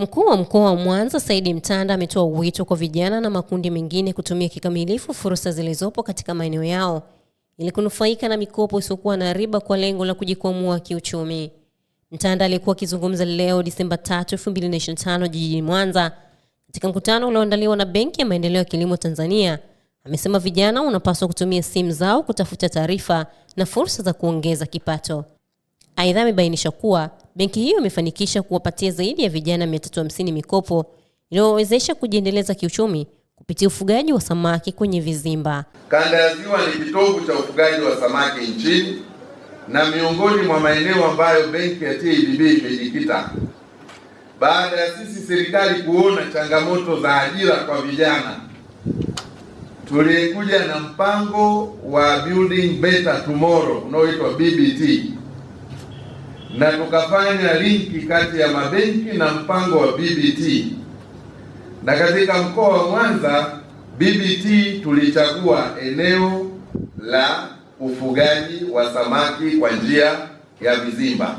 Mkuu wa Mkoa wa Mwanza Saidi Mtanda ametoa wito kwa vijana na makundi mengine kutumia kikamilifu fursa zilizopo katika maeneo yao ili kunufaika na mikopo isiyokuwa na riba kwa lengo la kujikwamua kiuchumi. Mtanda aliyekuwa akizungumza leo Disemba 3, 2025 jijini Mwanza katika mkutano ulioandaliwa na Benki ya Maendeleo ya Kilimo Tanzania amesema vijana wanapaswa kutumia simu zao kutafuta taarifa na fursa za kuongeza kipato. Aidha, amebainisha kuwa Benki hiyo imefanikisha kuwapatia zaidi ya vijana 350 mikopo inayowezesha kujiendeleza kiuchumi kupitia ufugaji wa samaki kwenye vizimba. Kanda ya Ziwa ni kitovu cha ufugaji wa samaki nchini na miongoni mwa maeneo ambayo benki ya TADB e imejikita baada ya sisi serikali kuona changamoto za ajira kwa vijana, tulikuja na mpango wa Building Better Tomorrow unaoitwa BBT na tukafanya linki kati ya mabenki na mpango wa BBT, na katika mkoa wa Mwanza BBT tulichagua eneo la ufugaji wa samaki kwa njia ya vizimba.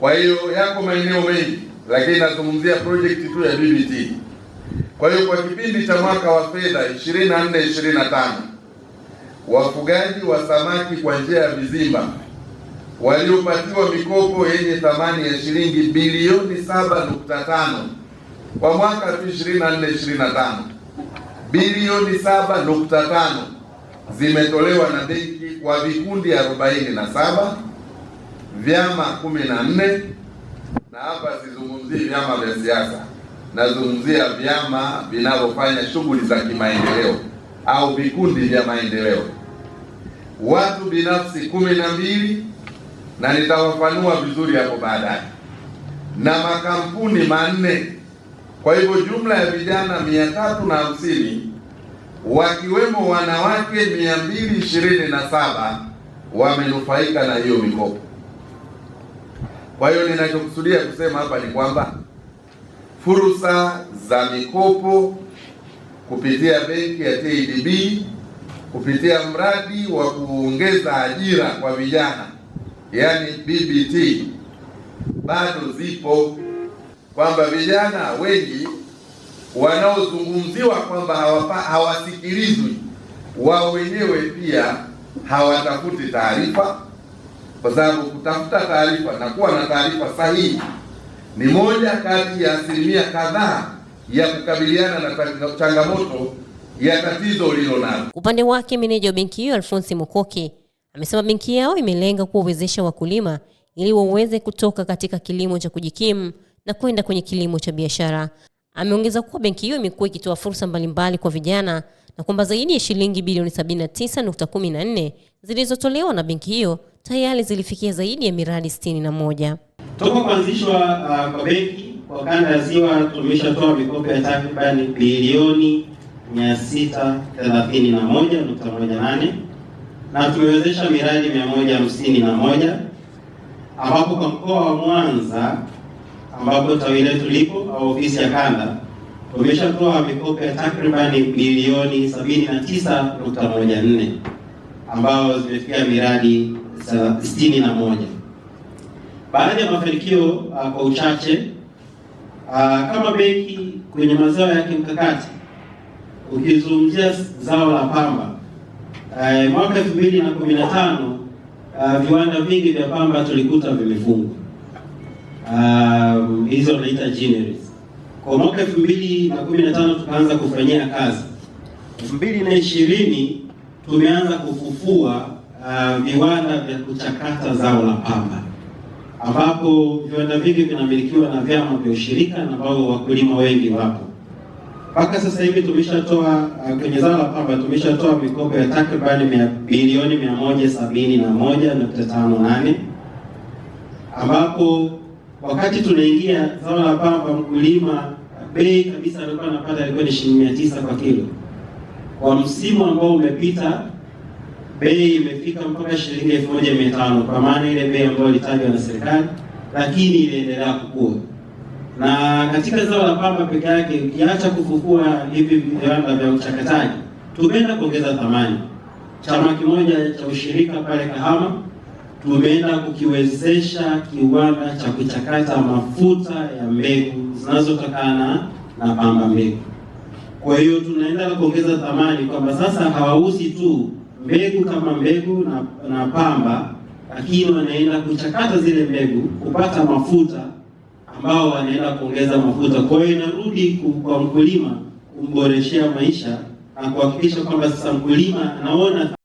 Kwa hiyo yako maeneo mengi, lakini nazungumzia project tu ya BBT. Kwa hiyo kwa kipindi cha mwaka wa fedha 24 25 wafugaji wa samaki kwa njia ya vizimba waliopatiwa mikopo yenye thamani ya shilingi bilioni 7.5 kwa mwaka 2024 25 bilioni 7.5 zimetolewa na benki kwa vikundi 47 vyama 14 na hapa sizungumzii vyama vya siasa, nazungumzia vyama vinavyofanya shughuli za kimaendeleo au vikundi vya maendeleo. Watu binafsi 12 na nitawafanua vizuri hapo baadaye, na makampuni manne. Kwa hivyo jumla ya vijana mia tatu na hamsini wakiwemo wanawake mia mbili ishirini na saba wamenufaika na hiyo mikopo. Kwa hiyo ninachokusudia kusema hapa ni kwamba fursa za mikopo kupitia benki ya TADB kupitia mradi wa kuongeza ajira kwa vijana yani BBT bado zipo, kwamba vijana wengi wanaozungumziwa kwamba hawasikilizwi wao wenyewe pia hawatafuti taarifa, kwa sababu kutafuta taarifa na kuwa na taarifa sahihi ni moja kati ya asilimia kadhaa ya kukabiliana na changamoto ya tatizo ulilo nalo. Upande wake meneja wa benki hiyo Alfonsi Mukoki Amesema benki yao imelenga kuwawezesha wakulima ili waweze kutoka katika kilimo cha kujikimu na kwenda kwenye kilimo cha biashara. Ameongeza kuwa benki hiyo imekuwa ikitoa fursa mbalimbali kwa vijana na kwamba zaidi ya shilingi bilioni 79.14 zilizotolewa na benki hiyo tayari zilifikia zaidi ya miradi 61. Toka kuanzishwa uh, kwa benki kwa kanda ya Ziwa tumeshatoa mikopo ya takribani bilioni 631.18 na tumewezesha miradi mia moja hamsini na moja ambapo kwa mkoa wa Mwanza ambapo tawi letu lipo au ofisi ya kanda tumeshatoa mikopo ya takribani bilioni 79.14 ambayo zimefikia miradi 61. Baadhi ya mafanikio uh, kwa uchache uh, kama benki kwenye mazao ya kimkakati, ukizungumzia zao la pamba Uh, mwaka 2015 uh, eh, viwanda vingi vya pamba tulikuta vimefungwa, eh, hizo uh, wanaita generis Kwa mwaka 2015 tukaanza kufanyia kazi. 2020 tumeanza kufufua uh, viwanda vya kuchakata zao la pamba ambapo viwanda vingi vinamilikiwa na vyama vya ushirika na ambao wakulima wengi wapo mpaka sasa hivi tumeshatoa uh, kwenye zao la pamba tumeshatoa mikopo ya takribani bilioni 171.58 ambapo wakati tunaingia zao la pamba, mkulima uh, bei kabisa alikuwa anapata ilikuwa ni shilingi mia tisa kwa kilo. Kwa msimu ambao umepita bei imefika mpaka shilingi elfu moja mia tano kwa maana ile bei ambayo ilitajwa na serikali, lakini iliendelea kukua na katika zao la pamba peke yake, ukiacha kufufua hivi viwanda vya uchakataji, tumeenda kuongeza thamani. Chama kimoja cha ushirika pale Kahama tumeenda kukiwezesha kiwanda cha kuchakata mafuta ya mbegu zinazotokana na pamba mbegu. Kwa hiyo tunaenda kuongeza thamani kwamba sasa hawauzi tu mbegu kama mbegu na, na pamba, lakini wanaenda kuchakata zile mbegu kupata mafuta ambao wanaenda kuongeza mafuta. Kwa hiyo inarudi kwa mkulima kumboreshea maisha na kuhakikisha kwamba sasa mkulima anaona